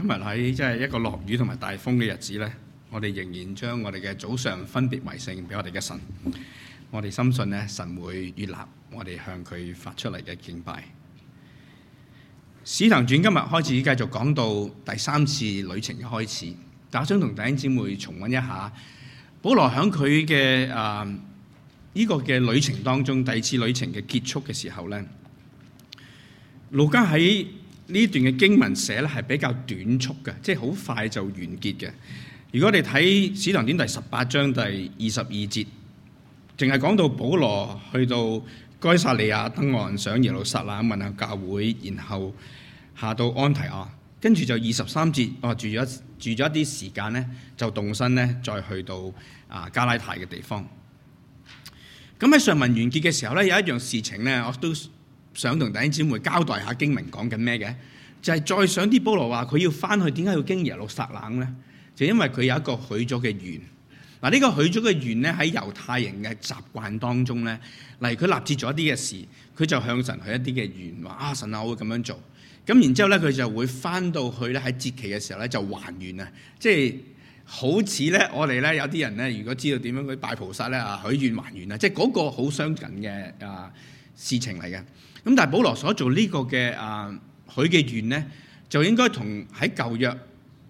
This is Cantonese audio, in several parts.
今日喺即係一個落雨同埋大風嘅日子呢，我哋仍然將我哋嘅早上分別為聖俾我哋嘅神，我哋深信呢神會接納我哋向佢發出嚟嘅敬拜。史騰傳今日開始繼續講到第三次旅程嘅開始，但係想同弟兄姊妹重温一下保羅喺佢嘅誒呢個嘅旅程當中，第二次旅程嘅結束嘅時候呢，路加喺。呢段嘅經文寫咧係比較短促嘅，即係好快就完結嘅。如果你睇《使徒行傳》第十八章第二十二節，淨係講到保羅去到該撒利亞登岸，上耶路撒冷問下教會，然後下到安提阿，跟住就二十三節，哦，我住咗住咗一啲時間咧，就動身咧，再去到啊加拉太嘅地方。咁喺上文完結嘅時候咧，有一樣事情咧，我都想同弟兄姊妹交代下經文講緊咩嘅，就係再上啲保羅話佢要翻去，點解要經耶路撒冷咧？就因為佢有一個許咗嘅願。嗱，呢個許咗嘅願咧，喺猶太人嘅習慣當中咧，例如佢立志咗一啲嘅事，佢就向神許一啲嘅願，話啊神啊，我會咁樣做。咁然之後咧，佢就會翻到去咧，喺節期嘅時候咧，就還願。啊，即係好似咧我哋咧有啲人咧，如果知道點樣去拜菩薩咧，啊許願還願，啊，即係嗰個好相近嘅啊事情嚟嘅。咁但係保羅所做個呢個嘅啊，佢嘅願咧，就應該同喺舊約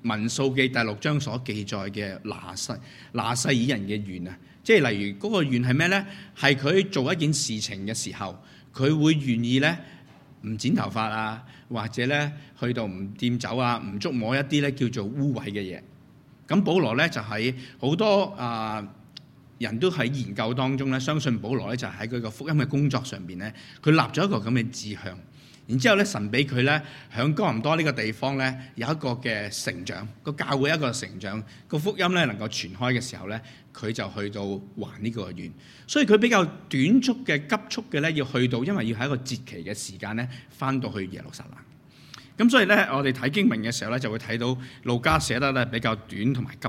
民數記第六章所記載嘅拿西拿西爾人嘅願啊，即係例如嗰個願係咩咧？係佢做一件事情嘅時候，佢會願意咧唔剪頭髮啊，或者咧去到唔掂酒啊，唔捉摸一啲咧叫做污穢嘅嘢。咁保羅咧就喺、是、好多啊～、呃人都喺研究當中咧，相信保羅咧就喺佢個福音嘅工作上邊咧，佢立咗一個咁嘅志向，然之後咧神俾佢咧喺哥林多呢個地方咧有一個嘅成長，個教會一個成長，個福音咧能夠傳開嘅時候咧，佢就去到還呢個願，所以佢比較短促嘅急促嘅咧要去到，因為要喺一個節期嘅時間咧翻到去耶路撒冷，咁所以咧我哋睇經文嘅時候咧就會睇到路加寫得咧比較短同埋急。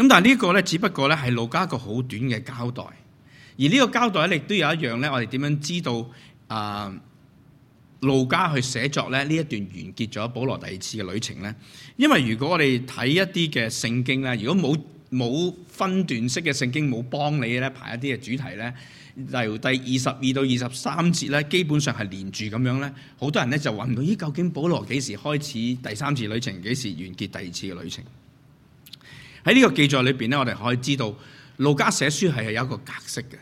咁但係呢個咧，只不過咧係路加一個好短嘅交代，而呢個交代咧，亦都有一樣咧，我哋點樣知道啊路加去寫作咧呢一段完結咗保羅第二次嘅旅程呢？因為如果我哋睇一啲嘅聖經咧，如果冇冇分段式嘅聖經，冇幫你咧排一啲嘅主題，例如第二十二到二十三節咧，基本上係連住咁樣咧，好多人咧就揾唔到，咦，究竟保羅幾時開始第三次旅程，幾時完結第二次嘅旅程？喺呢個記載裏邊咧，我哋可以知道路加寫書係係有一個格式嘅，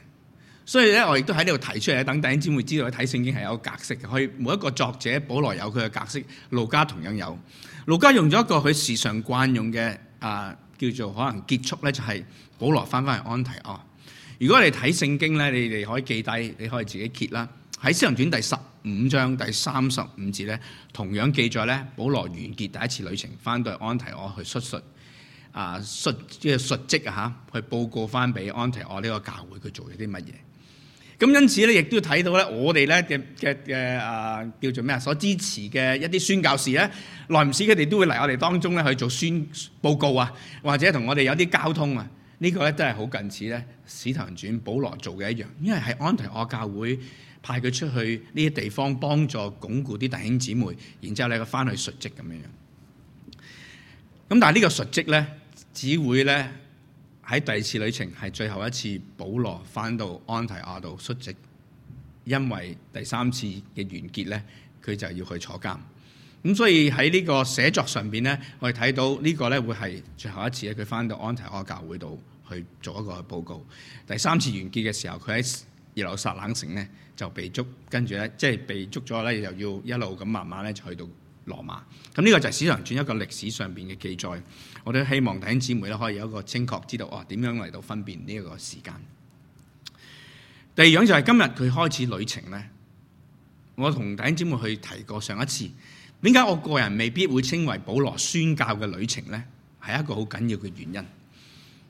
所以咧我亦都喺呢度提出嚟，等等先會知道去睇聖經係有個格式嘅。可以每一個作者保羅有佢嘅格式，路加同樣有。路加用咗一個佢時常慣用嘅啊叫做可能結束咧就係、是、保羅翻返去安提阿。如果你睇聖經咧，你哋可以記低，你可以自己揭啦。喺《使徒行傳》第十五章第三十五節咧，同樣記載咧，保羅完結第一次旅程，翻到去安提阿去述説。述述述啊，述即係述職啊，吓去報告，翻俾安提奧呢個教會佢做咗啲乜嘢？咁因此咧，亦都睇到咧，我哋咧嘅嘅嘅啊，叫做咩啊？所支持嘅一啲宣教士咧，耐唔時佢哋都會嚟我哋當中咧去做宣報告啊，或者同我哋有啲交通啊。這個、呢個咧都係好近似咧，使徒行傳保羅做嘅一樣，因為係安提奧教會派佢出去呢啲地方幫助鞏固啲弟兄姊妹，然之後咧佢翻去述職咁樣樣。咁但係呢個述職咧？只會咧喺第二次旅程係最後一次，保羅翻到安提阿度出席，因為第三次嘅完結咧，佢就要去坐監。咁所以喺呢個寫作上邊咧，我哋睇到個呢個咧會係最後一次咧，佢翻到安提阿教會度去做一個報告。第三次完結嘅時候，佢喺耶路撒冷城咧就被捉，跟住咧即係被捉咗咧，又要一路咁慢慢咧就去到羅馬，咁呢個就係史上轉一個歷史上邊嘅記載，我都希望弟兄姊妹咧可以有一個精確知道，哇、哦、點樣嚟到分辨呢一個時間。第二樣就係今日佢開始旅程咧，我同弟兄姊妹去提過上一次，點解我個人未必會稱為保羅宣教嘅旅程咧，係一個好緊要嘅原因。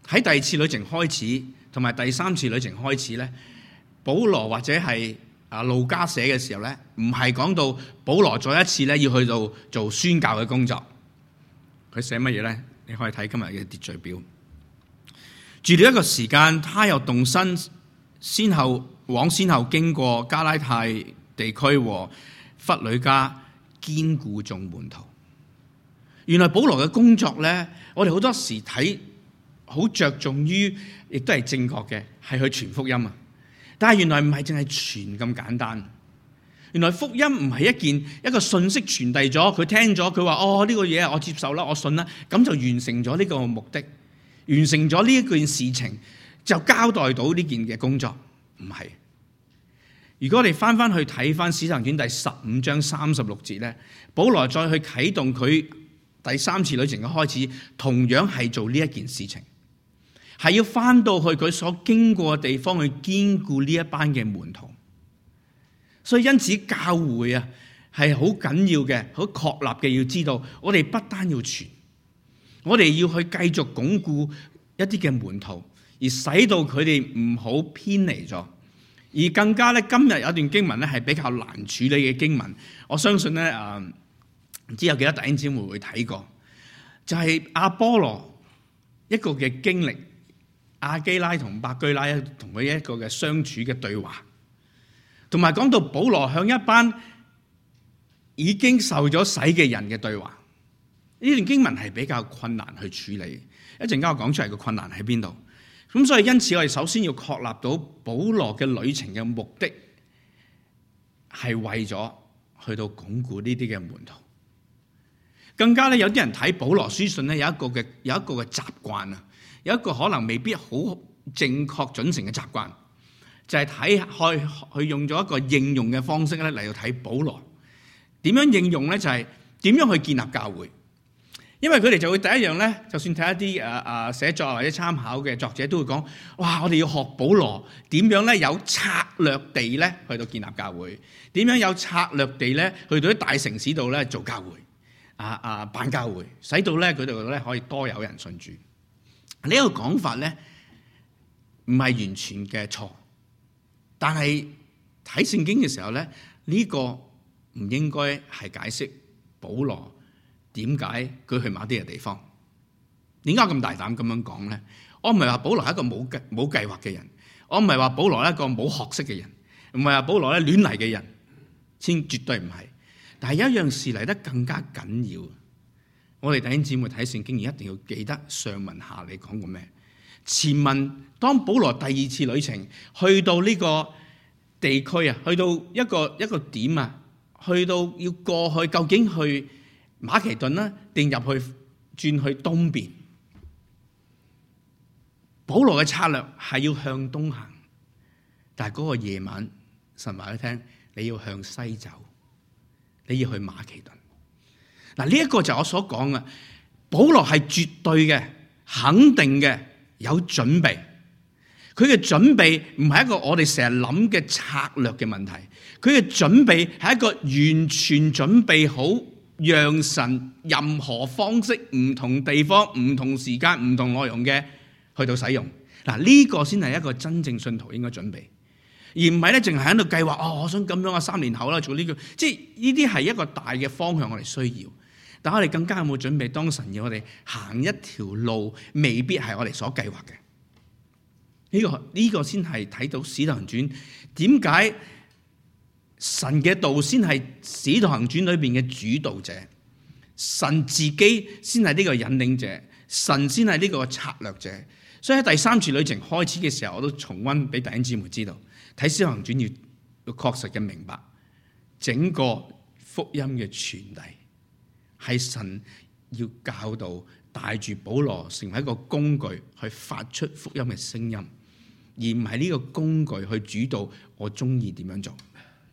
喺第二次旅程開始同埋第三次旅程開始咧，保羅或者係。啊，路加寫嘅時候咧，唔係講到保羅再一次咧要去到做宣教嘅工作，佢寫乜嘢咧？你可以睇今日嘅秩序表。住了一個時間，他又動身，先後往先後經過加拉太地區和弗里加，堅固眾門徒。原來保羅嘅工作咧，我哋好多時睇好着重於，亦都係正確嘅，係去傳福音啊。但係原來唔係淨係傳咁簡單，原來福音唔係一件，一個信息傳遞咗佢聽咗，佢話，哦，呢個嘢，我接受啦，我信啦，咁就完成咗呢個目的，完成咗呢一件事情，就交代到呢件嘅工作唔係。如果我哋翻翻去睇翻使徒行傳第十五章三十六節呢，保羅再去啟動佢第三次旅程嘅開始，同樣係做呢一件事情。係要翻到去佢所經過嘅地方去堅固呢一班嘅門徒，所以因此教會啊係好緊要嘅，好確立嘅。要知道我哋不單要傳，我哋要去繼續鞏固一啲嘅門徒，而使到佢哋唔好偏離咗。而更加咧，今日有一段經文咧係比較難處理嘅經文。我相信咧，誒、啊，唔知有幾多弟兄姊妹會睇過，就係、是、阿波羅一個嘅經歷。亞基拉同百基拉同佢一個嘅相處嘅對話，同埋講到保羅向一班已經受咗洗嘅人嘅對話，呢段經文係比較困難去處理。一陣間我講出嚟嘅困難喺邊度？咁所以因此我哋首先要確立到保羅嘅旅程嘅目的係為咗去到鞏固呢啲嘅門徒。更加咧，有啲人睇保羅書信咧，有一個嘅有一個嘅習慣啊。有一個可能未必好正確準成嘅習慣，就係睇開去用咗一個應用嘅方式咧嚟到睇保羅點樣應用咧，就係、是、點樣去建立教會。因為佢哋就會第一樣咧，就算睇一啲誒誒寫作或者參考嘅作者都會講：哇！我哋要學保羅點樣咧，有策略地咧去到建立教會，點樣有策略地咧去到啲大城市度咧做教會，啊啊辦教會，使到咧佢哋咧可以多有人信主。呢、這個講法咧唔係完全嘅錯，但係睇聖經嘅時候咧，呢、這個唔應該係解釋保羅點解佢去某啲嘅地方。點解咁大膽咁樣講咧？我唔係話保羅係一個冇計冇計劃嘅人，我唔係話保羅一個冇學識嘅人，唔係話保羅咧亂嚟嘅人，先絕對唔係。但係有一樣事嚟得更加緊要。我哋弟兄姊妹睇聖經，竟然一定要記得上文下理講過咩？前文當保羅第二次旅程去到呢個地區啊，去到一個一個點啊，去到要過去，究竟去馬其頓呢？定入去轉去東邊？保羅嘅策略係要向東行，但係嗰個夜晚神話一聽你要向西走，你要去馬其頓。嗱，呢一個就係我所講嘅，保羅係絕對嘅肯定嘅有準備。佢嘅準備唔係一個我哋成日諗嘅策略嘅問題，佢嘅準備係一個完全準備好，讓神任何方式、唔同地方、唔同時間、唔同內容嘅去到使用。嗱，呢個先係一個真正信徒應該準備，而唔係咧淨係喺度計劃。哦，我想咁樣啊，三年後啦，做呢個，即係呢啲係一個大嘅方向，我哋需要。但我哋更加有冇準備？當神要我哋行一條路，未必係我哋所計劃嘅。呢個呢個先係睇到《使徒行傳》點解神嘅道先係《使徒行傳》裏邊嘅主導者，神自己先係呢個引領者，神先係呢個策略者。所以喺第三次旅程開始嘅時候，我都重溫俾弟兄姊妹知道，睇《使徒行傳》要確實嘅明白整個福音嘅傳遞。係神要教導帶住保羅成為一個工具去發出福音嘅聲音，而唔係呢個工具去主導我中意點樣做。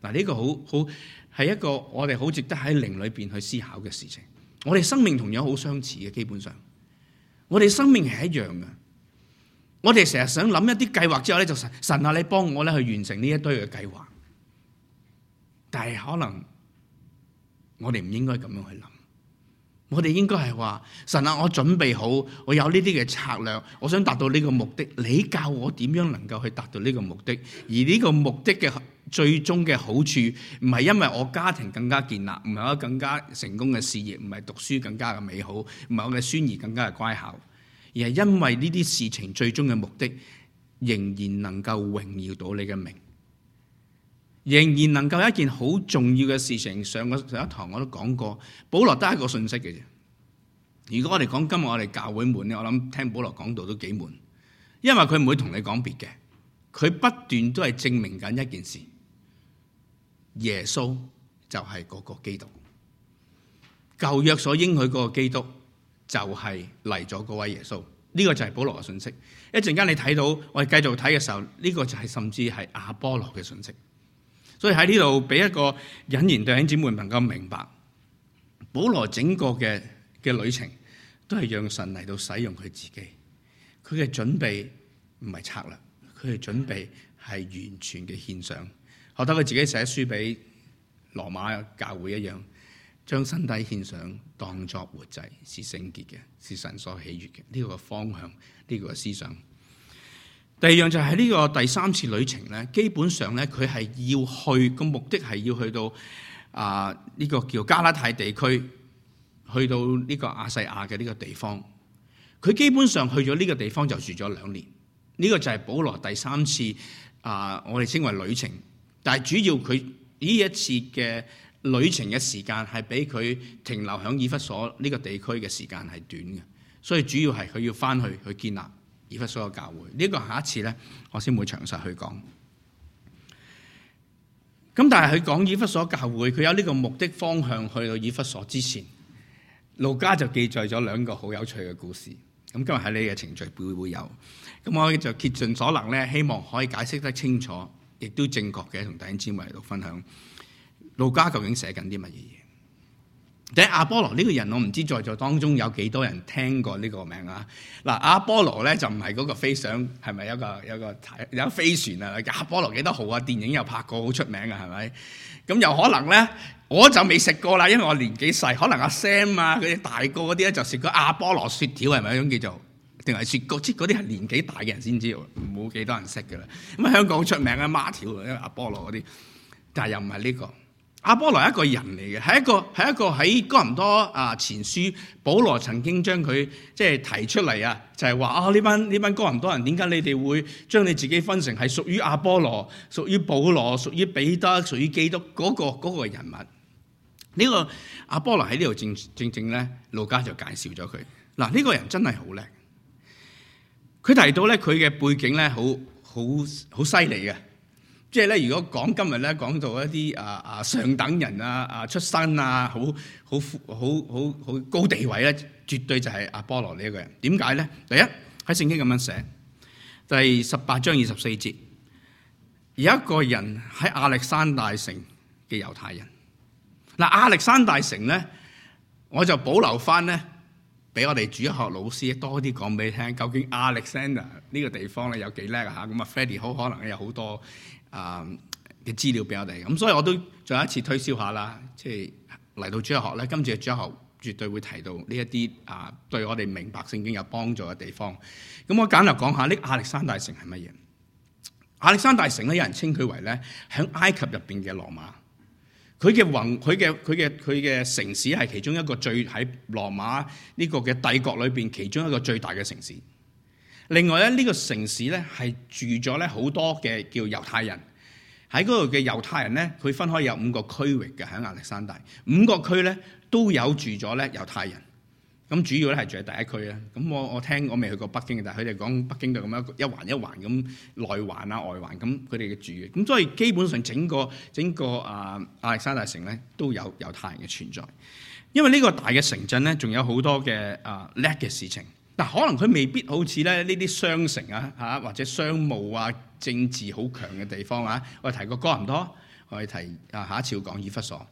嗱、這、呢個好好係一個我哋好值得喺靈裏邊去思考嘅事情。我哋生命同樣好相似嘅，基本上我哋生命係一樣嘅。我哋成日想諗一啲計劃之後咧，就神，神啊，你幫我咧去完成呢一堆嘅計劃。但係可能我哋唔應該咁樣去諗。我哋應該係話神啊！我準備好，我有呢啲嘅策略，我想達到呢個目的。你教我點樣能夠去達到呢個目的？而呢個目的嘅最終嘅好處，唔係因為我家庭更加建立，唔係我更加成功嘅事業，唔係讀書更加嘅美好，唔係我嘅孫兒更加嘅乖巧，而係因為呢啲事情最終嘅目的，仍然能夠榮耀到你嘅名。仍然能夠有一件好重要嘅事情。上個上一堂我都講過，保羅得一個信息嘅啫。如果我哋講今日我哋教會悶咧，我諗聽保羅講道都幾悶，因為佢唔會同你講別嘅，佢不斷都係證明緊一件事：耶穌就係嗰個基督，舊約所應許嗰個基督就係嚟咗嗰位耶穌。呢、這個就係保羅嘅信息。一陣間你睇到我哋繼續睇嘅時候，呢、這個就係甚至係亞波羅嘅信息。所以喺呢度俾一個隱言弟兄姊妹能夠明白，保羅整個嘅嘅旅程都係讓神嚟到使用佢自己，佢嘅準備唔係策略，佢嘅準備係完全嘅獻上，學得佢自己寫書俾羅馬教會一樣，將身體獻上當作活祭，是聖潔嘅，是神所喜悅嘅，呢、這個方向，呢、這個思想。第二樣就係呢個第三次旅程咧，基本上咧佢係要去個目的係要去到啊呢個叫加拉太地區，去到呢個亞細亞嘅呢個地方。佢基本上去咗呢個地方就住咗兩年。呢個就係保羅第三次啊，我哋稱為旅程。但係主要佢呢一次嘅旅程嘅時間係比佢停留響以弗所呢個地區嘅時間係短嘅，所以主要係佢要翻去去建立。以弗所教會呢、這個下一次呢，我先會詳細去講。咁但係佢講以弗所教會，佢有呢個目的方向，去到以弗所之前，路加就記載咗兩個好有趣嘅故事。咁今日喺呢個程序會會有，咁我就竭盡所能呢，希望可以解釋得清楚，亦都正確嘅，同弟兄姊妹嚟到分享。路加究竟寫緊啲乜嘢嘢？阿波羅呢個人，我唔知在座當中有幾多人聽過呢個名啊？嗱，阿波羅咧就唔係嗰個飛翔，係咪有個有個睇有飛船係咪啊？阿波羅幾多號啊？電影又拍過，好出名啊，係咪？咁又可能咧，我就未食過啦，因為我年紀細，可能阿、啊、Sam 啊，佢哋大個嗰啲咧就食過阿波羅雪條，係咪一種叫做定係雪糕？即嗰啲係年紀大嘅人先知，冇幾多人識嘅啦。咁啊，香港出名嘅孖條，因為阿、啊、波羅嗰啲，但係又唔係呢個。阿波羅一個人嚟嘅，係一個係一個喺哥林多啊前書，保羅曾經將佢即係提出嚟、就是、啊，就係話啊呢班呢班哥林多人，點解你哋會將你自己分成係屬於阿波羅、屬於保羅、屬於彼得、屬於基督嗰、那個、那個人物？呢、這個阿波羅喺呢度正正正咧，路加就介紹咗佢。嗱呢、這個人真係好叻，佢提到咧佢嘅背景咧好好好犀利嘅。即係咧，如果講今日咧，講到一啲啊啊上等人啊啊出身啊，好好好好好高地位咧，絕對就係阿波羅呢一個人。點解咧？第一喺聖經咁樣寫，第十八章二十四節，有一個人喺亞歷山大城嘅猶太人。嗱、啊，亞歷山大城咧，我就保留翻咧，俾我哋主學老師多啲講俾你聽。究竟 Alexander 呢個地方咧有幾叻啊？吓，咁啊，Freddy 好可能有好多，啊嘅資料俾我哋，咁所以我都再一次推銷下啦，即係嚟到主日學咧，今次嘅主日學絕對會提到呢一啲啊，對我哋明白聖經有幫助嘅地方。咁我簡略講下，呢亞歷山大城係乜嘢？亞歷山大城咧，有人稱佢為咧喺埃及入邊嘅羅馬，佢嘅宏，佢嘅佢嘅佢嘅城市係其中一個最喺羅馬呢個嘅帝國裏邊其中一個最大嘅城市。另外咧，呢個城市咧係住咗咧好多嘅叫猶太人喺嗰度嘅猶太人咧，佢分開有五個區域嘅喺亞歷山大，五個區咧都有住咗咧猶太人。咁主要咧係住喺第一區咧。咁我我聽我未去過北京嘅，但係佢哋講北京就咁樣一環一環咁內環啊外環咁佢哋嘅住嘅。咁所以基本上整個整個啊亞歷山大城咧都有猶太人嘅存在，因為呢個大嘅城鎮咧仲有好多嘅啊叻嘅事情。嗱，可能佢未必好似咧呢啲商城啊，嚇或者商務啊、政治好強嘅地方啊，我哋提過哥林多，我哋提啊下一次會講以弗所。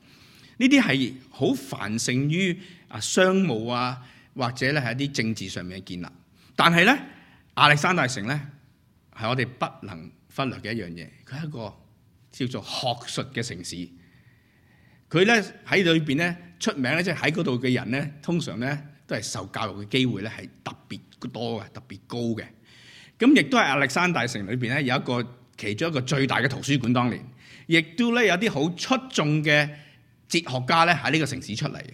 呢啲係好繁盛於啊商務啊，或者咧係一啲政治上面嘅建立。但係咧，亞歷山大城咧係我哋不能忽略嘅一樣嘢，佢係一個叫做學術嘅城市。佢咧喺裏邊咧出名咧，即係喺嗰度嘅人咧，通常咧。都係受教育嘅機會咧，係特別多嘅，特別高嘅。咁亦都係亞歷山大城裏邊咧，有一個其中一個最大嘅圖書館。當年，亦都咧有啲好出眾嘅哲學家咧喺呢個城市出嚟嘅。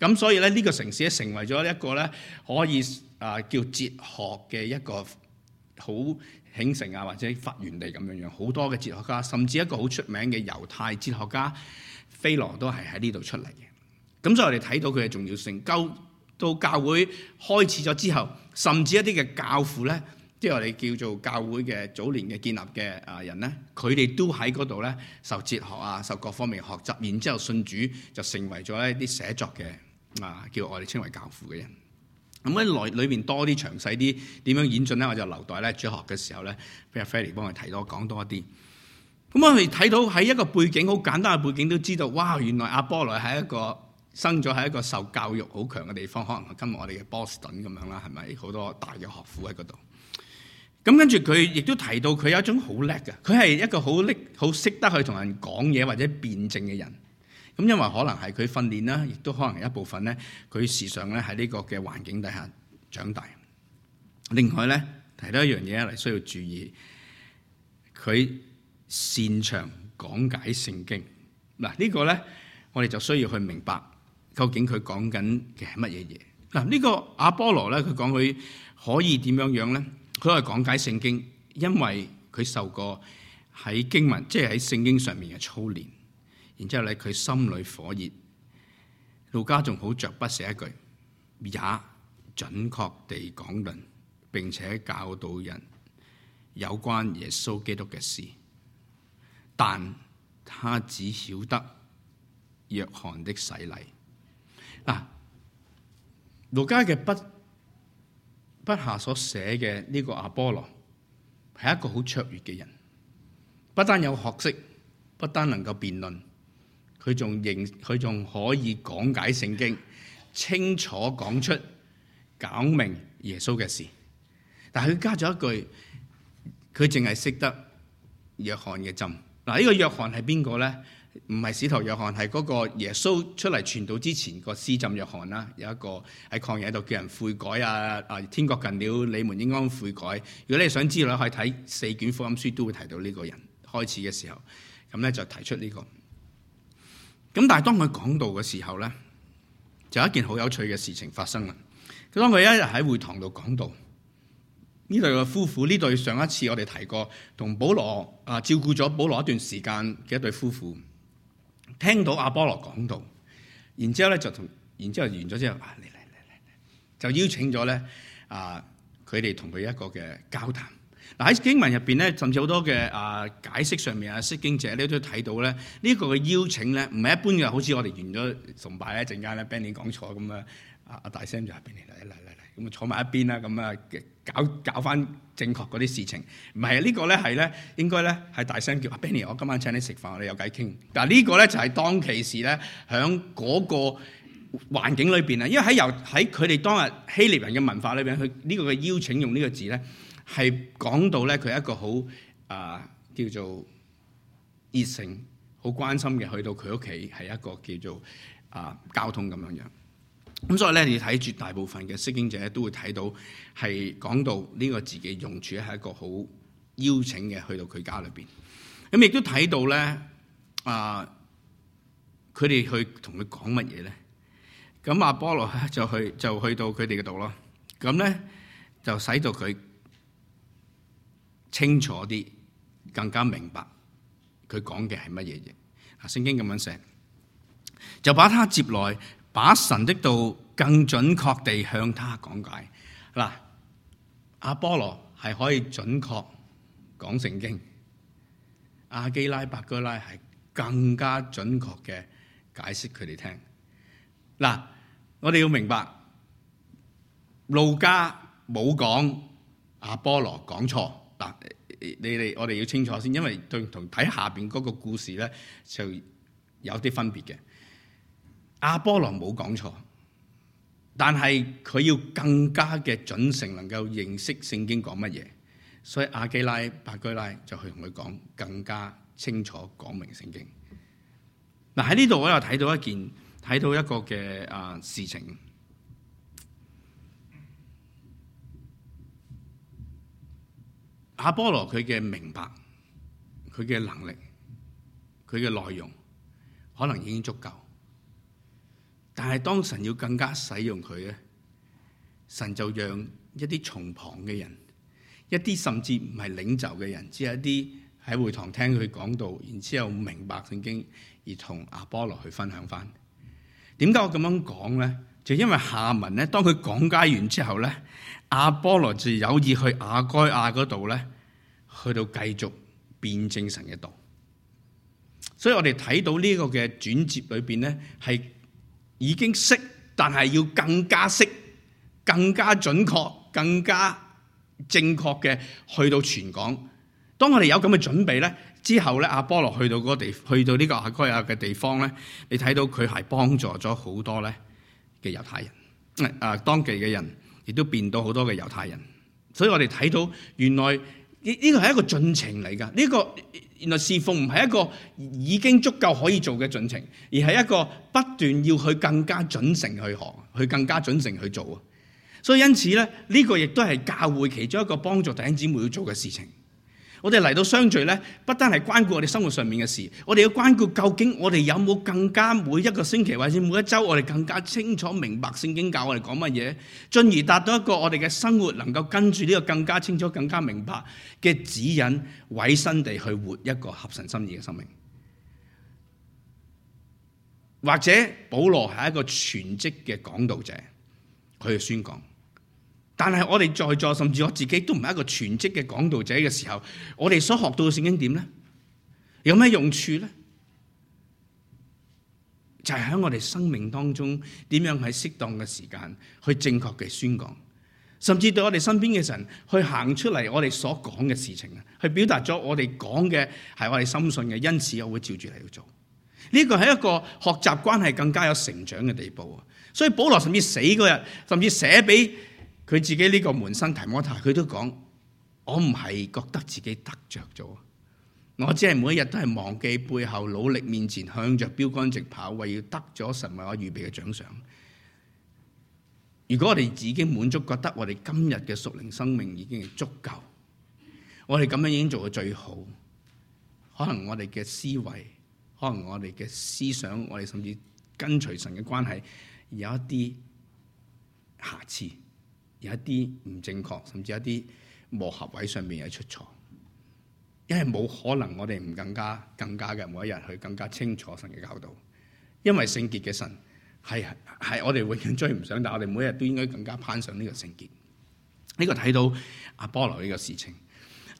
咁所以咧，呢個城市咧成為咗一個咧可以啊叫哲學嘅一個好興盛啊，或者發源地咁樣樣。好多嘅哲學家，甚至一個好出名嘅猶太哲學家菲羅都係喺呢度出嚟嘅。咁所以我哋睇到佢嘅重要性。高。到教會開始咗之後，甚至一啲嘅教父咧，即係我哋叫做教會嘅早年嘅建立嘅啊人咧，佢哋都喺嗰度咧受哲學啊，受各方面學習，然之後信主就成為咗一啲寫作嘅啊，叫我哋稱為教父嘅人。咁喺內裏面多啲詳細啲點樣演進咧，我就留待咧主學嘅時候咧，俾阿 Ferry 幫佢提多講多一啲。咁我哋睇到喺一個背景好簡單嘅背景都知道，哇！原來阿波羅係一個。生咗喺一個受教育好強嘅地方，可能今日我哋嘅 Boston 咁樣啦，係咪好多大嘅學府喺嗰度？咁跟住佢亦都提到佢有一種好叻嘅，佢係一個好叻、好識得去同人講嘢或者辯證嘅人。咁因為可能係佢訓練啦，亦都可能係一部分咧，佢時常咧喺呢個嘅環境底下長大。另外咧，提到一樣嘢嚟需要注意，佢擅長講解聖經。嗱，呢個咧，我哋就需要去明白。究竟佢講緊嘅係乜嘢嘢嗱？呢個阿波羅咧，佢講佢可以點樣樣咧？佢係講解聖經，因為佢受過喺經文，即係喺聖經上面嘅操練。然之後咧，佢心裏火熱。路加仲好着筆寫一句，也準確地講論並且教導人有關耶穌基督嘅事，但他只曉得約翰的洗禮。嗱、啊，路加嘅筆筆下所寫嘅呢個阿波羅，係一個好卓越嘅人，不單有學識，不單能夠辯論，佢仲認佢仲可以講解聖經，清楚講出講明耶穌嘅事。但係佢加咗一句，佢淨係識得約翰嘅針。嗱、啊，呢、這個約翰係邊個咧？唔係使徒約翰，係嗰個耶穌出嚟傳道之前個施浸約翰啦。有一個喺抗野度叫人悔改啊！啊，天國近了，你們應當悔改。如果你想知道，可以睇四卷福音書，都會提到呢個人開始嘅時候。咁咧就提出呢個。咁但係當佢講道嘅時候咧，就有一件好有趣嘅事情發生啦。佢當佢一日喺會堂度講道，呢對嘅夫婦，呢對上一次我哋提過，同保羅啊照顧咗保羅一段時間嘅一對夫婦。聽到阿波羅講道，然之後咧就同，然之後完咗之後，嚟嚟嚟嚟，就邀請咗咧啊，佢哋同佢一個嘅交談。嗱、啊、喺經文入邊咧，甚至好多嘅啊解釋上面啊釋經者咧都睇到咧，呢、呢個嘅邀請咧唔係一般嘅，好似我哋完咗崇拜一陣間咧 Benny 講坐咁啊，啊大聲就 Benny 嚟嚟嚟嚟咁坐埋一邊啦，咁啊搞搞翻正確嗰啲事情，唔係、這個、呢個咧係咧，應該咧係大聲叫阿 Benny，n 我今晚請你食飯，我哋有偈傾。嗱呢個咧就係、是、當其時咧，喺嗰個環境裏邊啊，因為喺由喺佢哋當日希臘人嘅文化裏邊，佢呢個嘅邀請用呢個字咧，係講到咧佢一個好啊、呃、叫做熱誠、好關心嘅，去到佢屋企係一個叫做啊、呃、交通咁樣樣。咁所以咧，你睇絕大部分嘅釋經者都會睇到係講到呢個自己用處係一個好邀請嘅，去到佢家裏邊。咁、嗯、亦都睇到咧，啊、呃，佢哋去同佢講乜嘢咧？咁、嗯、阿波羅就去就去到佢哋嘅度咯。咁、嗯、咧就使到佢清楚啲，更加明白佢講嘅係乜嘢嘢。啊，聖經咁樣寫，就把他接來。把神的道更準確地向他講解。嗱，阿波羅係可以準確講聖經，阿基拉、伯哥拉係更加準確嘅解釋佢哋聽。嗱，我哋要明白，路加冇講阿波羅講錯。嗱，你哋我哋要清楚先，因為對同睇下邊嗰個故事咧就有啲分別嘅。阿波羅冇講錯，但係佢要更加嘅準繩，能夠認識聖經講乜嘢，所以阿基拉、白居拉就去同佢講更加清楚講明聖經。嗱，喺呢度我又睇到一件、睇到一個嘅啊事情。阿波羅佢嘅明白、佢嘅能力、佢嘅內容，可能已經足夠。但係，當神要更加使用佢咧，神就讓一啲從旁嘅人，一啲甚至唔係領袖嘅人，只係一啲喺會堂聽佢講道，然之後明白聖經，而同阿波羅去分享翻。點解我咁樣講咧？就因為下文咧，當佢講解完之後咧，阿波羅就有意去亞該亞嗰度咧，去到繼續辯證神嘅道。所以我哋睇到呢個嘅轉折裏邊咧，係。已經識，但係要更加識，更加準確、更加正確嘅去到全港。當我哋有咁嘅準備咧，之後咧，阿波羅去到嗰地，去到呢、這個阿哥亞嘅地方咧，你睇到佢係幫助咗好多咧嘅猶太人，啊，當地嘅人亦都變到好多嘅猶太人。所以我哋睇到原來呢、這個係一個進程嚟噶，呢、這個。原來侍奉唔係一個已經足夠可以做嘅進程，而係一個不斷要去更加準誠去學，去更加準誠去做啊！所以因此咧，呢個亦都係教會其中一個幫助弟兄姊妹要做嘅事情。我哋嚟到相聚咧，不單係關顧我哋生活上面嘅事，我哋要關顧究竟我哋有冇更加每一個星期或者每一周我哋更加清楚明白聖經教我哋講乜嘢，進而達到一個我哋嘅生活能夠跟住呢個更加清楚、更加明白嘅指引，委身地去活一個合神心意嘅生命。或者保羅係一個全職嘅講道者，佢去宣講。但係我哋在座甚至我自己都唔係一個全職嘅講道者嘅時候，我哋所學到嘅聖經點呢？有咩用處呢？就係、是、喺我哋生命當中點樣喺適當嘅時間去正確嘅宣講，甚至對我哋身邊嘅神去行出嚟，我哋所講嘅事情啊，去表達咗我哋講嘅係我哋深信嘅，因此我會照住嚟去做。呢個係一個學習關係更加有成長嘅地步啊！所以保羅甚至死嗰日，甚至寫俾。佢自己呢個門生提摩太，佢都講：我唔係覺得自己得着咗，我只係每一日都係忘記背後努力，面前向着標竿直跑，為要得咗神為我預備嘅獎賞。如果我哋自己滿足，覺得我哋今日嘅屬靈生命已經係足夠，我哋咁樣已經做到最好，可能我哋嘅思維，可能我哋嘅思想，我哋甚至跟隨神嘅關係有一啲瑕疵。有一啲唔正確，甚至有一啲磨合位上面有出錯，因為冇可能我哋唔更加更加嘅每一日去更加清楚神嘅教導，因為聖潔嘅神係係我哋永遠追唔上，但係我哋每日都應該更加攀上呢個聖潔。呢個睇到阿波羅呢個事情，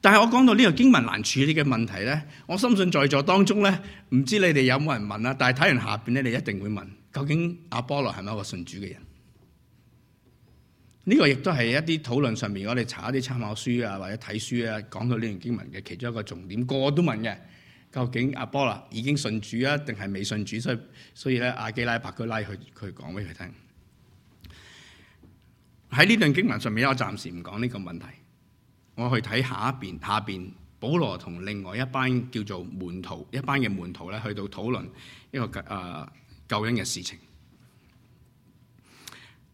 但係我講到呢個經文難處理嘅問題咧，我深信在座當中咧，唔知你哋有冇人問啦？但係睇完下邊咧，你一定會問：究竟阿波羅係咪一個信主嘅人？呢、這個亦都係一啲討論上面，我哋查一啲參考書啊，或者睇書啊，講到呢段經文嘅其中一個重點，個個都問嘅。究竟阿波羅已經信主啊，定係未信主？所以所以咧，亞居拉、百基拉去去講俾佢聽。喺呢段經文上面，我暫時唔講呢個問題。我去睇下一邊，下一邊保羅同另外一班叫做門徒一班嘅門徒咧，去到討論一個啊救恩嘅事情。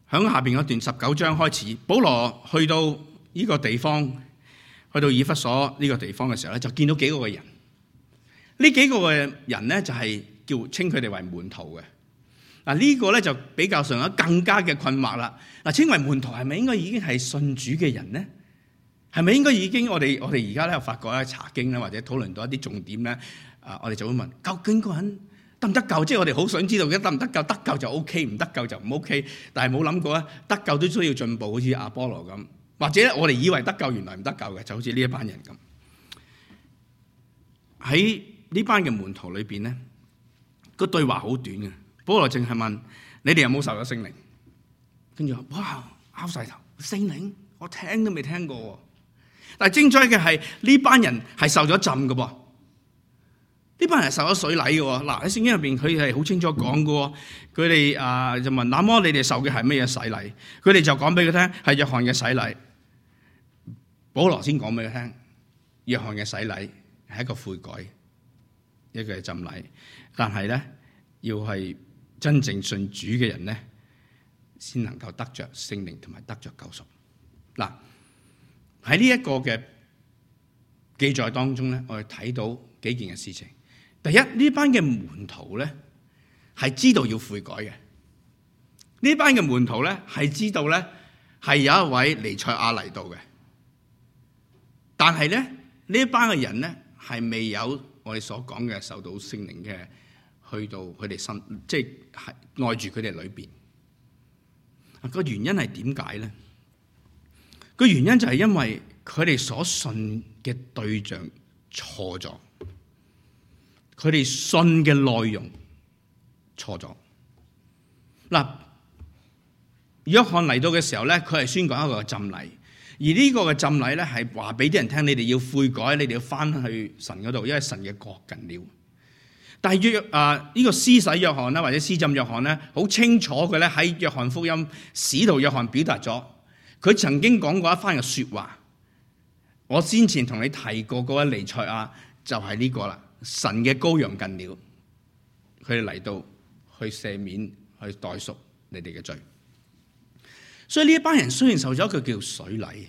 喺下邊嗰段十九章開始，保羅去到呢個地方，去到以弗所呢個地方嘅時候咧，就見到幾個嘅人。呢幾個嘅人咧，就係叫稱佢哋為門徒嘅。嗱、這、呢個咧就比較上咗更加嘅困惑啦。嗱，稱為門徒係咪應該已經係信主嘅人咧？係咪應該已經我哋我哋而家咧有發覺咧，查經咧，或者討論到一啲重點咧？啊，我哋就會問究竟嗰人。得唔得救？即係我哋好想知道而家得唔得救？得救就 OK，唔得救就唔 OK。但係冇諗過咧，得救都需要進步，好似阿波羅咁。或者我哋以為得救原來唔得救嘅，就好似呢一班人咁。喺呢班嘅門徒裏邊咧，個對話好短嘅。保羅淨係問你哋有冇受咗聖靈？跟住話哇，拗晒頭，聖靈我聽都未聽過。但係精彩嘅係呢班人係受咗浸嘅噃。呢班人受咗水禮嘅，嗱，喺聖經入邊佢係好清楚講嘅，佢哋啊就問，那麼你哋受嘅係咩嘢洗禮？佢哋就講俾佢聽係約翰嘅洗禮，保羅先講俾佢聽約翰嘅洗禮係一個悔改，一個係浸禮，但係咧要係真正信主嘅人咧，先能夠得著聖靈同埋得著救贖。嗱，喺呢一個嘅記載當中咧，我哋睇到幾件嘅事情。第一，呢班嘅門徒咧，係知道要悔改嘅。呢班嘅門徒咧，係知道咧係有一位尼塞亞嚟到嘅。但係咧，呢一班嘅人咧，係未有我哋所講嘅受到聖靈嘅去到佢哋身，即係內住佢哋裏邊。個原因係點解咧？個原因就係因為佢哋所信嘅對象錯咗。佢哋信嘅內容錯咗嗱。約翰嚟到嘅時候咧，佢係宣講一個浸禮，而呢個嘅浸禮咧係話俾啲人聽，你哋要悔改，你哋要翻去神嗰度，因為神嘅國近了。但係約啊呢、呃這個施洗約翰啦，或者施浸約翰咧，好清楚嘅咧喺約翰福音使徒約翰表達咗，佢曾經講過一番嘅説話。我先前同你提過嗰位彌賽亞啊，就係呢個啦。神嘅羔羊近了，佢哋嚟到去赦免、去代贖你哋嘅罪。所以呢一班人雖然受咗一個叫水禮，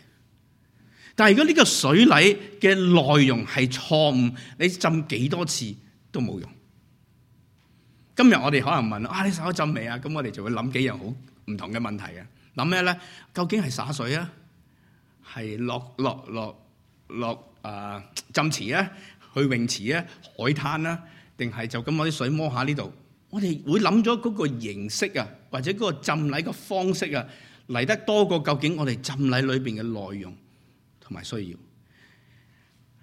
但係如果呢個水禮嘅內容係錯誤，你浸幾多次都冇用。今日我哋可能問：啊，你洗咗浸未啊？咁我哋就會諗幾樣好唔同嘅問題嘅。諗咩咧？究竟係灑水啊？係落落落落啊，呃，浸池啊？去泳池啊、海灘啦、啊，定係就咁摸啲水摸下呢度？我哋會諗咗嗰個形式啊，或者嗰個浸禮嘅方式啊，嚟得多過究竟我哋浸禮裏邊嘅內容同埋需要。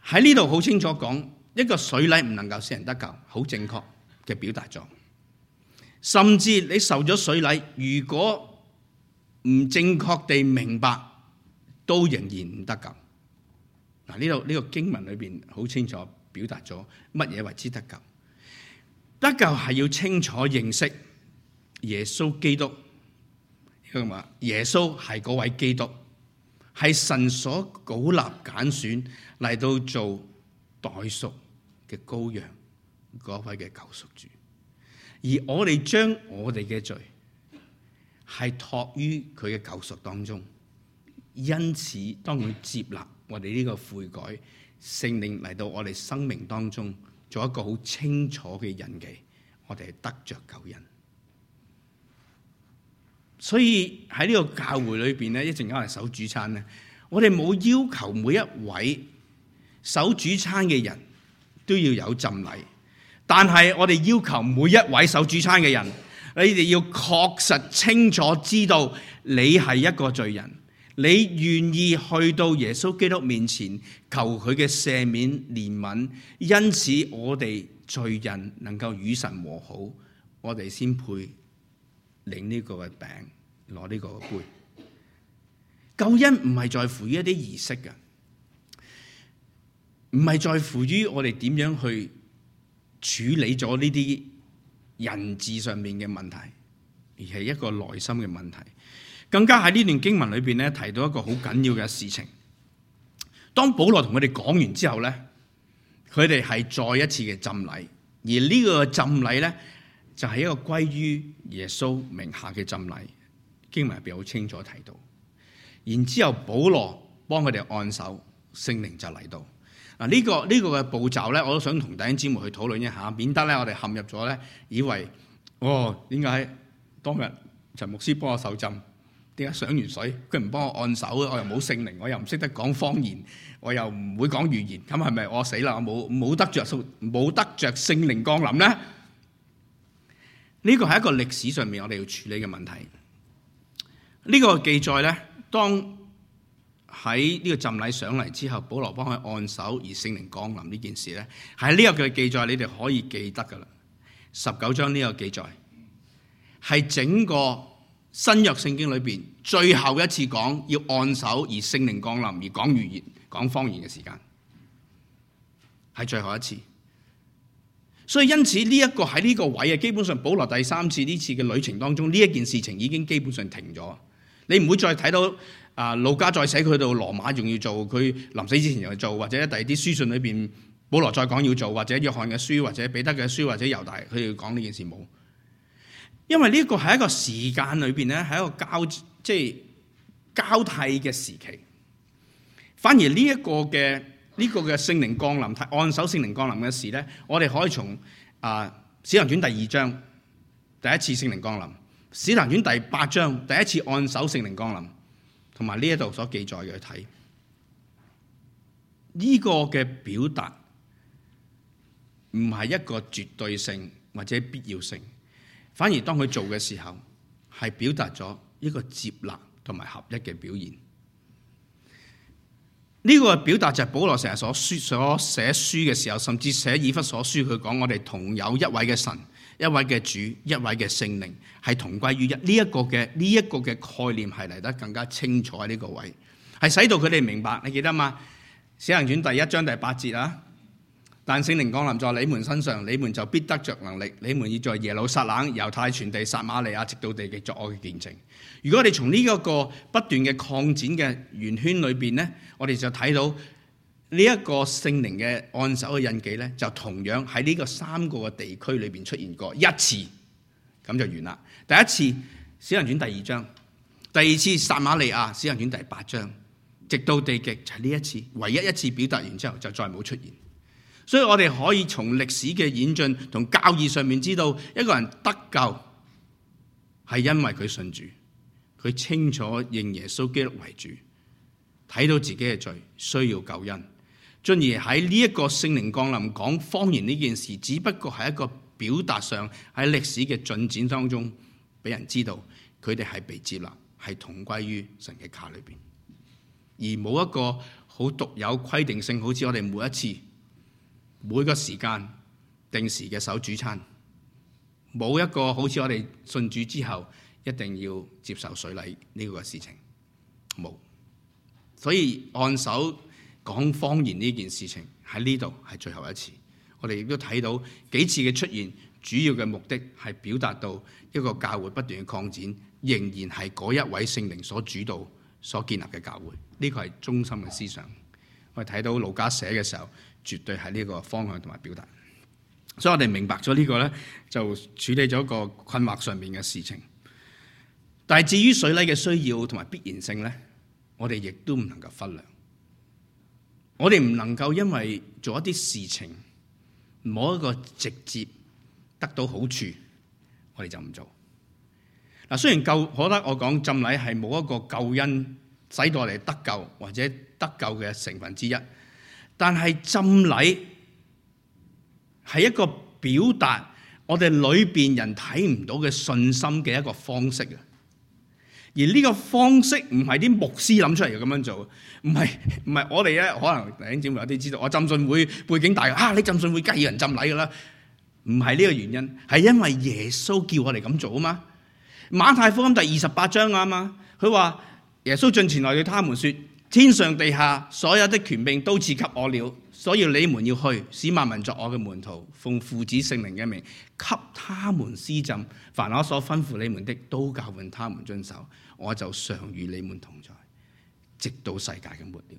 喺呢度好清楚講，一個水禮唔能夠使人得救，好正確嘅表達咗。甚至你受咗水禮，如果唔正確地明白，都仍然唔得救。嗱，呢度呢個經文裏邊好清楚。表達咗乜嘢為之得救？得救係要清楚認識耶穌基督，因為耶穌係嗰位基督，係神所揀立揀選嚟到做代贖嘅羔羊，嗰位嘅救贖主。而我哋將我哋嘅罪係託於佢嘅救贖當中，因此當佢接納我哋呢個悔改。聖靈嚟到我哋生命當中，做一個好清楚嘅印記，我哋係得着救恩。所以喺呢個教會裏邊咧，一陣間係守主餐咧，我哋冇要求每一位守主餐嘅人都要有浸禮，但係我哋要求每一位守主餐嘅人，你哋要確實清楚知道你係一個罪人。你願意去到耶穌基督面前求佢嘅赦免、憐憫，因此我哋罪人能夠與神和好，我哋先配領呢個嘅餅，攞呢個嘅杯。救恩唔係在乎於一啲儀式嘅，唔係在乎於我哋點樣去處理咗呢啲人質上面嘅問題，而係一個內心嘅問題。更加喺呢段經文裏邊咧，提到一個好緊要嘅事情。當保羅同佢哋講完之後咧，佢哋係再一次嘅浸禮，而呢個浸禮咧就係一個歸於耶穌名下嘅浸禮。經文係好清楚提到。然之後保羅幫佢哋按手，聖靈就嚟到嗱。呢個呢個嘅步驟咧，我都想同弟兄姐妹去討論一下，免得咧我哋陷入咗咧以為哦，點解當日陳牧師幫我手浸？點解上完水佢唔幫我按手？我又冇聖靈，我又唔識得講方言，我又唔會講語言，咁係咪我死啦？我冇，冇得着冇得著聖靈降臨咧？呢個係一個歷史上面我哋要處理嘅問題。呢個記載咧，當喺呢個浸禮上嚟之後，保羅幫佢按手而聖靈降臨呢件事咧，喺呢個嘅記載，你哋可以記得噶啦。十九章呢個記載係整個。新約聖經裏邊最後一次講要按手而聖靈降臨而講語言講方言嘅時間，係最後一次，所以因此呢一個喺呢個位啊，基本上保羅第三次呢次嘅旅程當中呢一件事情已經基本上停咗，你唔會再睇到啊路加再寫佢到羅馬仲要做，佢臨死之前又做，或者第二啲書信裏邊保羅再講要做，或者約翰嘅書，或者彼得嘅書，或者猶大佢要講呢件事冇。因為呢一個係一個時間裏邊咧，喺一個交即係交替嘅時期。反而呢一個嘅呢、這個嘅聖靈降臨、按手聖靈降臨嘅事咧，我哋可以從啊《使徒行傳》第二章第一次聖靈降臨，《使徒行傳》第八章第一次按手聖靈降臨，同埋呢一度所記載嘅去睇呢、這個嘅表達，唔係一個絕對性或者必要性。反而當佢做嘅時候，係表達咗一個接納同埋合一嘅表現。呢、這個表達就係保羅成日所書所寫書嘅時候，甚至寫以弗所書，佢講我哋同有一位嘅神、一位嘅主、一位嘅聖靈係同歸於一。呢一個嘅呢一個嘅概念係嚟得更加清楚。喺呢個位係使到佢哋明白。你記得嘛？使徒行傳第一章第八節啊！但聖靈降臨在你們身上，你們就必得着能力。你們要在耶路撒冷、猶太全地、撒瑪利亞直到地極作我嘅見證。如果我哋從呢一個不斷嘅擴展嘅圓圈裏邊呢，我哋就睇到呢一個聖靈嘅按手嘅印記呢，就同樣喺呢個三個地區裏邊出現過一次，咁就完啦。第一次《使徒行傳》第二章，第二次撒瑪利亞《使徒行傳》第八章，直到地極就係、是、呢一次，唯一一次表達完之後就再冇出現。所以我哋可以從歷史嘅演進同教義上面知道，一個人得救係因為佢信主，佢清楚認耶穌基督為主，睇到自己嘅罪需要救恩，進而喺呢一個聖靈降臨講方言呢件事，只不過係一個表達上喺歷史嘅進展當中俾人知道佢哋係被接納，係同歸於神嘅卡裏邊，而冇一個好獨有規定性，好似我哋每一次。每個時間定時嘅守主餐，冇一個好似我哋信主之後一定要接受水禮呢個事情冇，所以按手講方言呢件事情喺呢度係最後一次。我哋亦都睇到幾次嘅出現，主要嘅目的係表達到一個教會不斷嘅擴展，仍然係嗰一位聖靈所主導、所建立嘅教會。呢個係中心嘅思想。我哋睇到路加寫嘅時候。絕對係呢個方向同埋表達，所以我哋明白咗呢、這個咧，就處理咗一個困惑上面嘅事情。但係至於水禮嘅需要同埋必然性咧，我哋亦都唔能夠忽略。我哋唔能夠因為做一啲事情冇一個直接得到好處，我哋就唔做。嗱，雖然救可得我講浸禮係冇一個救恩，使到我哋得救或者得救嘅成分之一。但係浸禮係一個表達我哋裏邊人睇唔到嘅信心嘅一個方式啊！而呢個方式唔係啲牧師諗出嚟要咁樣做，不是，唔係唔係我哋咧，可能領展有啲知道，我浸信會背景大啊，你浸信會梗係有人浸禮㗎啦，唔係呢個原因，係因為耶穌叫我哋咁做啊嘛。馬太福音第二十八章啊嘛，佢話耶穌進前來對他們説。天上地下所有的權柄都賜給我了，所以你們要去，使萬民作我嘅門徒，奉父子聖靈嘅名，給他們施浸，凡我所吩咐你們的，都教訓他們遵守，我就常與你們同在，直到世界嘅末了。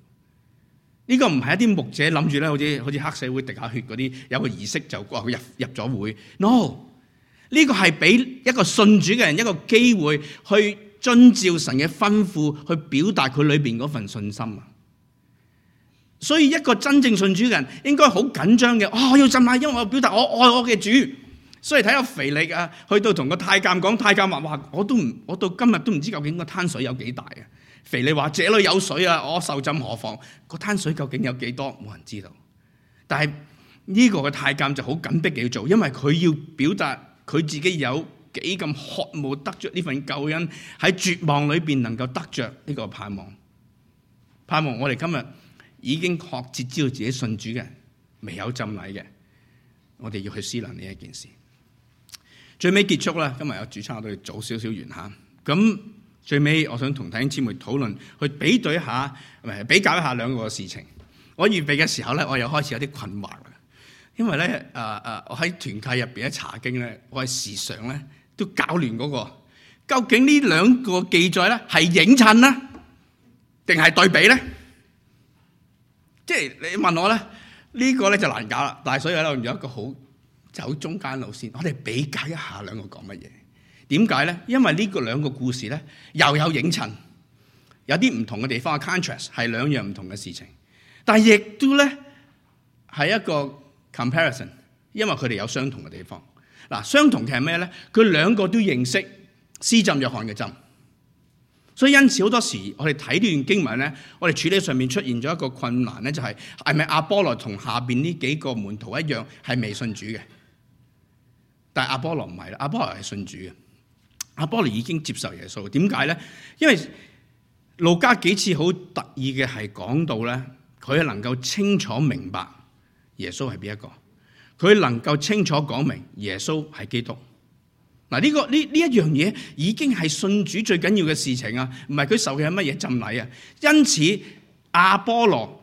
呢個唔係一啲牧者諗住咧，好似好似黑社會滴下血嗰啲，有個儀式就過入入咗會。no，呢個係俾一個信主嘅人一個機會去。遵照神嘅吩咐去表達佢裏邊嗰份信心啊，所以一個真正信主嘅人應該好緊張嘅，啊、哦，我要浸下，因為我要表達我愛我嘅主，所以睇下腓利啊，去到同個太監講，太監話：話我都唔，我到今日都唔知究竟個灘水有幾大啊！腓利話：這裏有水啊，我受浸何妨？個灘水究竟有幾多，冇人知道。但係呢個個太監就好緊迫嘅要做，因為佢要表達佢自己有。幾咁渴望得着呢份救恩，喺絕望裏邊能夠得着呢個盼望。盼望我哋今日已經確切知道自己信主嘅、未有浸禮嘅，我哋要去思量呢一件事。最尾結束啦，今日有主餐我都要早少少完下。咁最尾我想同弟兄姊妹討論，去比對一下，比較一下兩個事情。我預備嘅時候咧，我又開始有啲困惑啦，因為咧，誒誒，我喺團契入邊一查經咧，我係時常咧。都搞亂嗰個，究竟呢兩個記載咧係影襯呢？定係對比呢？即係你問我呢，呢、呢個呢就難搞啦。但係所以咧，我有一個好走中間路線，我哋比較一下兩個講乜嘢？點解呢？因為呢個兩個故事呢，又有影襯，有啲唔同嘅地方，contrast 係兩樣唔同嘅事情，但係亦都呢，係一個 comparison，因為佢哋有相同嘅地方。嗱，相同嘅係咩咧？佢兩個都認識施浸約翰嘅浸，所以因此好多時我哋睇呢段經文咧，我哋處理上面出現咗一個困難咧，就係係咪阿波羅同下面呢幾個門徒一樣係未信主嘅？但係阿波羅唔係啦，阿波羅係信主嘅，阿波羅已經接受耶穌。點解咧？因為路加幾次好特意嘅係講到咧，佢係能夠清楚明白耶穌係邊一個。佢能夠清楚講明耶穌係基督，嗱、呢、呢個呢呢一樣嘢已經係信主最緊要嘅事情啊！唔係佢受嘅乜嘢浸禮啊，因此阿波羅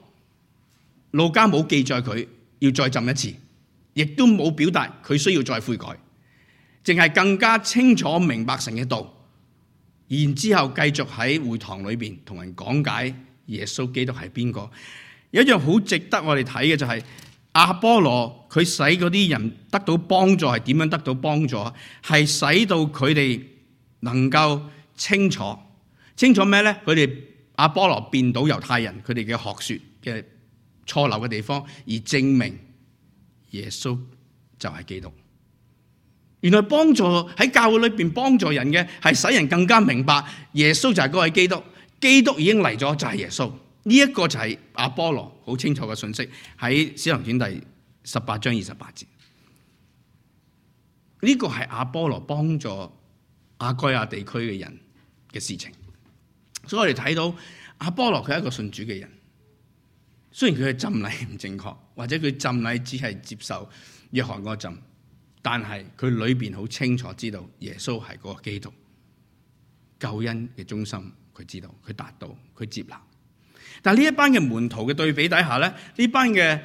路加冇記載佢要再浸一次，亦都冇表達佢需要再悔改，淨係更加清楚明白神嘅道。然之後繼續喺會堂裏邊同人講解耶穌基督係邊個。有一樣好值得我哋睇嘅就係、是。阿波羅佢使嗰啲人得到幫助，係點樣得到幫助？係使到佢哋能夠清楚清楚咩咧？佢哋阿波羅變到猶太人佢哋嘅學説嘅錯漏嘅地方，而證明耶穌就係基督。原來幫助喺教會裏面幫助人嘅係使人更加明白耶穌就係嗰位基督。基督已經嚟咗就係耶穌。呢一個就係亞波羅好清楚嘅信息，喺《使徒行傳》第十八章二十八節。呢個係亞波羅幫助亞該亞地區嘅人嘅事情，所以我哋睇到亞波羅佢係一個信主嘅人。雖然佢嘅浸禮唔正確，或者佢浸禮只係接受約翰嗰浸，但係佢裏邊好清楚知道耶穌係嗰個基督救恩嘅中心。佢知道，佢達到，佢接納。但係呢一班嘅門徒嘅對比底下咧，呢班嘅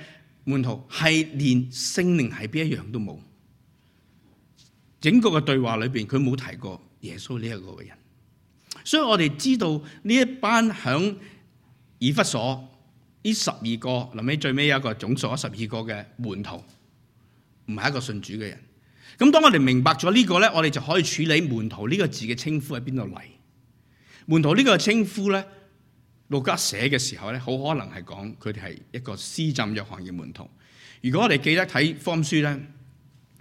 門徒係連聖靈係邊一樣都冇。整個嘅對話裏邊，佢冇提過耶穌呢一個嘅人，所以我哋知道呢一班響以弗所呢十二個臨尾最尾有一個總數十二個嘅門徒，唔係一個信主嘅人。咁當我哋明白咗呢、這個咧，我哋就可以處理門徒呢個字嘅稱呼喺邊度嚟。門徒呢個稱呼咧，路加寫嘅時候咧，好可能係講佢哋係一個施浸約翰嘅門徒。如果我哋記得睇福音書咧，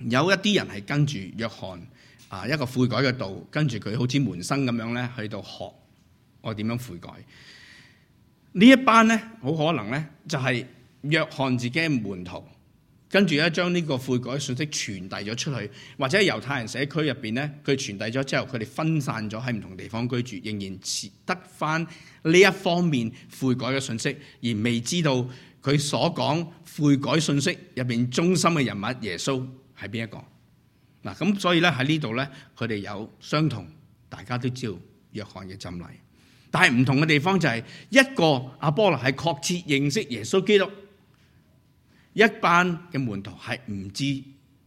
有一啲人係跟住約翰啊，一個悔改嘅道，跟住佢好似門生咁樣咧，喺度學我點樣悔改。呢一班咧，好可能咧，就係約翰自己嘅門徒。跟住咧，將呢個悔改信息傳遞咗出去，或者喺猶太人社區入邊咧，佢傳遞咗之後，佢哋分散咗喺唔同地方居住，仍然得返呢一方面悔改嘅信息，而未知道佢所講悔改信息入邊中心嘅人物耶穌係邊一個嗱，咁所以咧喺呢度咧，佢哋有相同，大家都知道約翰嘅浸禮，但係唔同嘅地方就係、是、一個阿波羅係確切認識耶穌基督。一班嘅門徒係唔知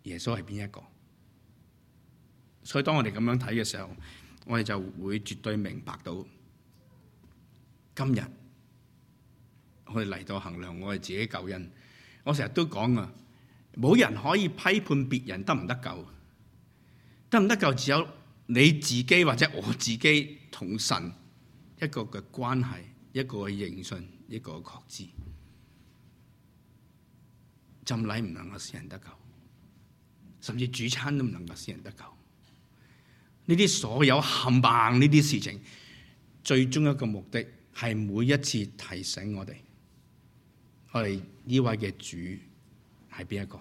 耶穌係邊一個，所以當我哋咁樣睇嘅時候，我哋就會絕對明白到今日我哋嚟到衡量我哋自己救恩。我成日都講啊，冇人可以批判別人得唔得救，得唔得救只有你自己或者我自己同神一個嘅關係，一個嘅認信，一個嘅確知。浸禮唔能夠使人得救，甚至主餐都唔能夠使人得救。呢啲所有冚棒呢啲事情，最終一個目的係每一次提醒我哋，我哋呢位嘅主係邊一個？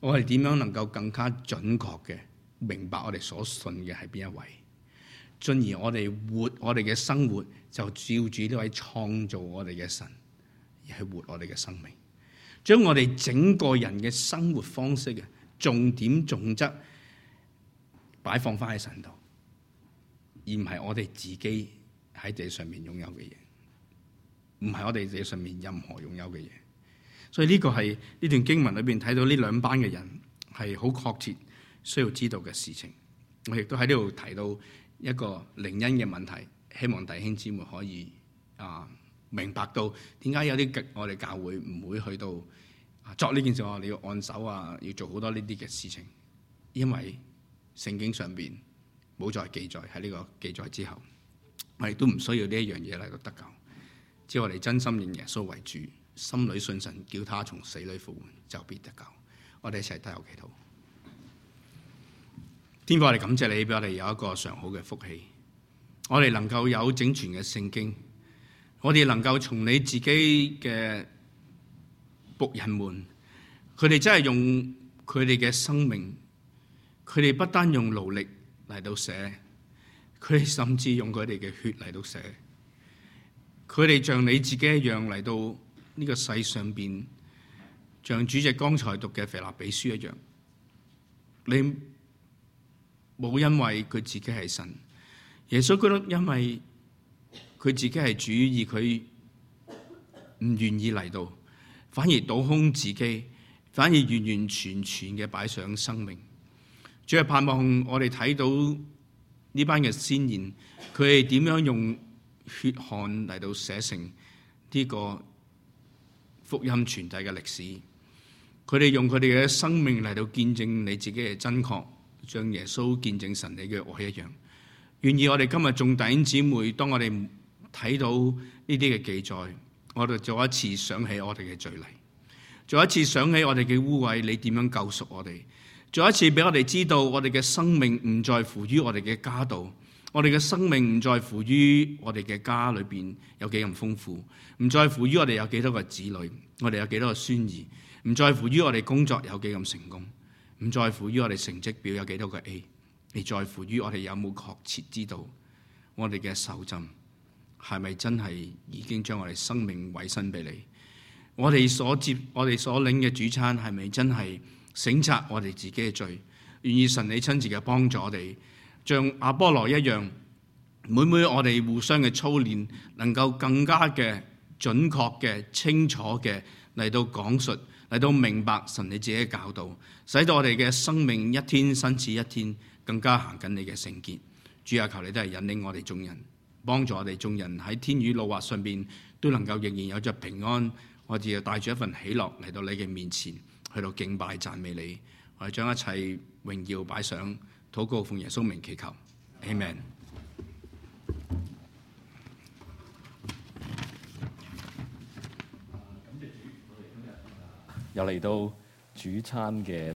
我哋點樣能夠更加準確嘅明白我哋所信嘅係邊一位？進而我哋活我哋嘅生活，就照住呢位創造我哋嘅神，而係活我哋嘅生命。將我哋整個人嘅生活方式嘅重點重質擺放翻喺神度，而唔係我哋自己喺地上面擁有嘅嘢，唔係我哋地上面任何擁有嘅嘢。所以呢個係呢段經文裏邊睇到呢兩班嘅人係好確切需要知道嘅事情。我亦都喺呢度提到一個靈恩嘅問題，希望弟兄姊妹可以啊。明白到點解有啲我哋教會唔會去到作呢件事。我、哦、哋要按手啊，要做好多呢啲嘅事情。因為聖經上邊冇再記載喺呢個記載之後，我哋都唔需要呢一樣嘢嚟到得救。只要我哋真心認耶穌為主，心裏信神，叫他從死裏復活，就必得救。我哋一齊低頭祈禱。天父，我哋感謝你，俾我哋有一個上好嘅福氣，我哋能夠有整全嘅聖經。我哋能夠從你自己嘅僕人們，佢哋真係用佢哋嘅生命，佢哋不單用勞力嚟到寫，佢哋甚至用佢哋嘅血嚟到寫。佢哋像你自己一樣嚟到呢個世上邊，像主席剛才讀嘅腓立比書一樣，你冇因為佢自己係神，耶穌覺得因為。佢自己係主意，佢唔願意嚟到，反而倒空自己，反而完完全全嘅擺上生命。主係盼望我哋睇到呢班嘅先賢，佢係點樣用血汗嚟到寫成呢個福音傳遞嘅歷史。佢哋用佢哋嘅生命嚟到見證你自己嘅真確，像耶穌見證神你嘅我一樣。願意我哋今日眾弟兄姊妹，當我哋。睇到呢啲嘅記載，我哋再一次想起我哋嘅罪嚟，再一次想起我哋嘅污穢，你點樣救贖我哋？再一次俾我哋知道，我哋嘅生命唔在乎於我哋嘅家道，我哋嘅生命唔在乎於我哋嘅家裏邊有幾咁豐富，唔在乎於我哋有幾多個子女，我哋有幾多個孫兒，唔在乎於我哋工作有幾咁成功，唔在乎於我哋成績表有幾多個 A，而在乎於我哋有冇確切知道我哋嘅受浸。係咪真係已經將我哋生命委身俾你？我哋所接、我哋所領嘅主餐，係咪真係省察我哋自己嘅罪？願意神你親自嘅幫助我哋，像阿波羅一樣，每每我哋互相嘅操練，能夠更加嘅準確嘅、清楚嘅嚟到講述，嚟到明白神你自己嘅教導，使到我哋嘅生命一天新似一天，更加行緊你嘅聖潔。主啊，求你都係引領我哋眾人。幫助我哋眾人喺天雨路滑上邊都能夠仍然有着平安，我哋就帶住一份喜樂嚟到你嘅面前，去到敬拜讚美你，我哋將一切榮耀擺上，禱告奉耶穌名祈求，阿門。又嚟到主餐嘅。